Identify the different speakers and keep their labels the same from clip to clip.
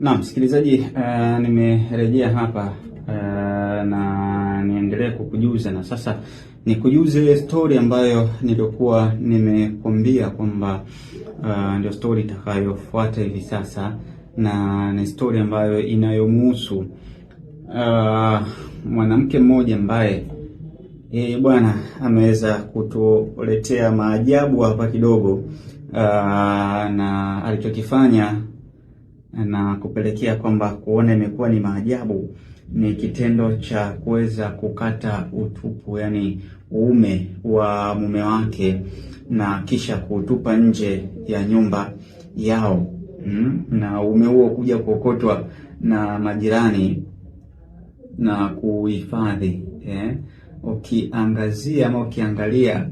Speaker 1: Na msikilizaji, uh, nimerejea hapa uh, na niendelee kukujuza na sasa nikujuze story ambayo nilikuwa nimekwambia kwamba uh, ndio story itakayofuata hivi sasa, na ni story ambayo inayomuhusu uh, mwanamke mmoja ambaye E, bwana ameweza kutuletea maajabu hapa kidogo na alichokifanya na kupelekea kwamba kuona imekuwa ni maajabu ni kitendo cha kuweza kukata utupu, yani uume wa mume wake na kisha kuutupa nje ya nyumba yao mm, na uume huo kuja kuokotwa na majirani na kuhifadhi eh ukiangazia ama ukiangalia,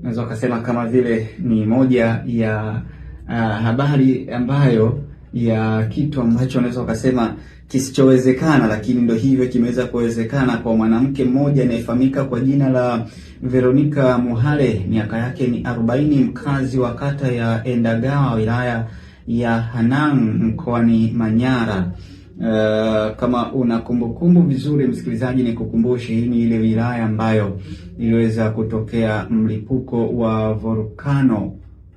Speaker 1: unaweza ukasema kama vile ni moja ya uh, habari ambayo ya kitu ambacho unaweza ukasema kisichowezekana, lakini ndo hivyo kimeweza kuwezekana kwa mwanamke mmoja anayefahamika kwa jina la Veronica Muhale, miaka yake ni arobaini, mkazi wa kata ya Endagawa, wilaya ya Hanang, mkoani Manyara. Uh, kama una kumbukumbu vizuri, msikilizaji, ni kukumbushe, hii ni ile wilaya ambayo iliweza kutokea mlipuko wa volkano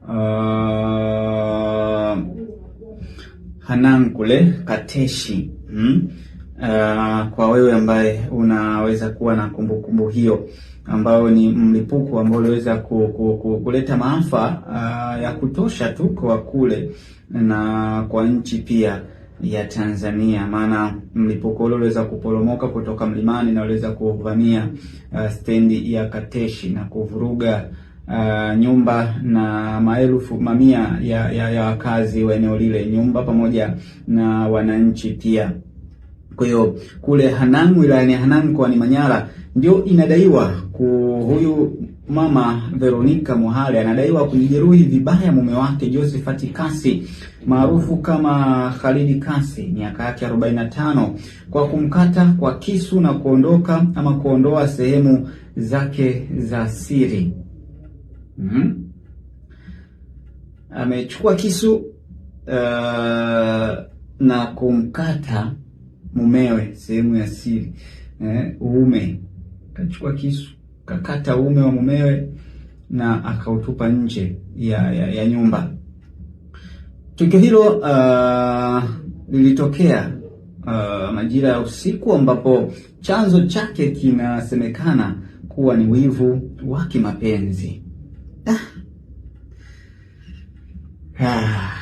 Speaker 1: uh, eh, Hanang kule Kateshi hmm? Uh, kwa wewe ambaye unaweza kuwa na kumbukumbu kumbu hiyo ambayo ni mlipuko ambao uliweza ku, ku, ku, kuleta maafa uh, ya kutosha tu kwa kule na kwa nchi pia ya Tanzania, maana mlipuko ule uliweza kuporomoka kutoka mlimani na uliweza kuvamia uh, stendi ya Kateshi na kuvuruga uh, nyumba na maelfu mamia ya, ya, ya wakazi wa eneo lile, nyumba pamoja na wananchi pia. Kwa hiyo kule Hanang, wilayani Hanang mkoani Manyara, ndio inadaiwa ku huyu Mama Veronica mohale anadaiwa kujeruhi vibaya mume wake Josephat Kasi maarufu kama Khalidi Kasi miaka yake 45 kwa kumkata kwa kisu na kuondoka ama kuondoa sehemu zake za siri. Mm-hmm. Amechukua kisu uh, na kumkata mumewe sehemu ya siri eh, uume. Kachukua kisu kakata uume wa mumewe na akautupa nje ya, ya, ya nyumba. Tukio hilo uh, lilitokea uh, majira ya usiku ambapo chanzo chake kinasemekana kuwa ni wivu wa kimapenzi. Ah. Ah,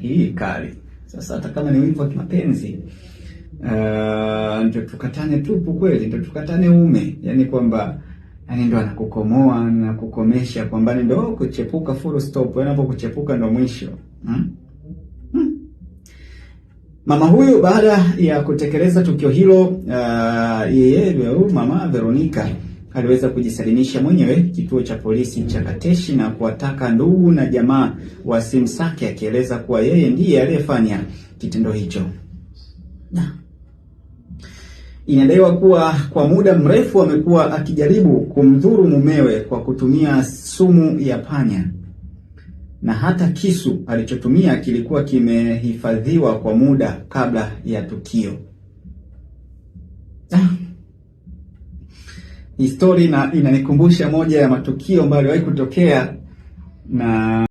Speaker 1: hii kali sasa. Hata kama ni wivu wa kimapenzi uh, ndio tukatane tupu kweli, ndio tukatane ume yaani kwamba yani ndo anakukomoa na kukomesha kwamba ndo kuchepuka full stop, anapo yaani kuchepuka ndo mwisho hmm? Hmm. Mama huyu baada ya kutekeleza tukio hilo uh, yeye mama Veronica aliweza kujisalimisha mwenyewe kituo cha polisi cha Kateshi na kuwataka ndugu na jamaa wasimsake, akieleza kuwa yeye ndiye aliyefanya kitendo hicho na. Inadaiwa kuwa kwa muda mrefu amekuwa akijaribu kumdhuru mumewe kwa kutumia sumu ya panya na hata kisu alichotumia kilikuwa kimehifadhiwa kwa muda kabla ya tukio. Historia ah. inanikumbusha moja ya matukio ambayo yaliwahi kutokea na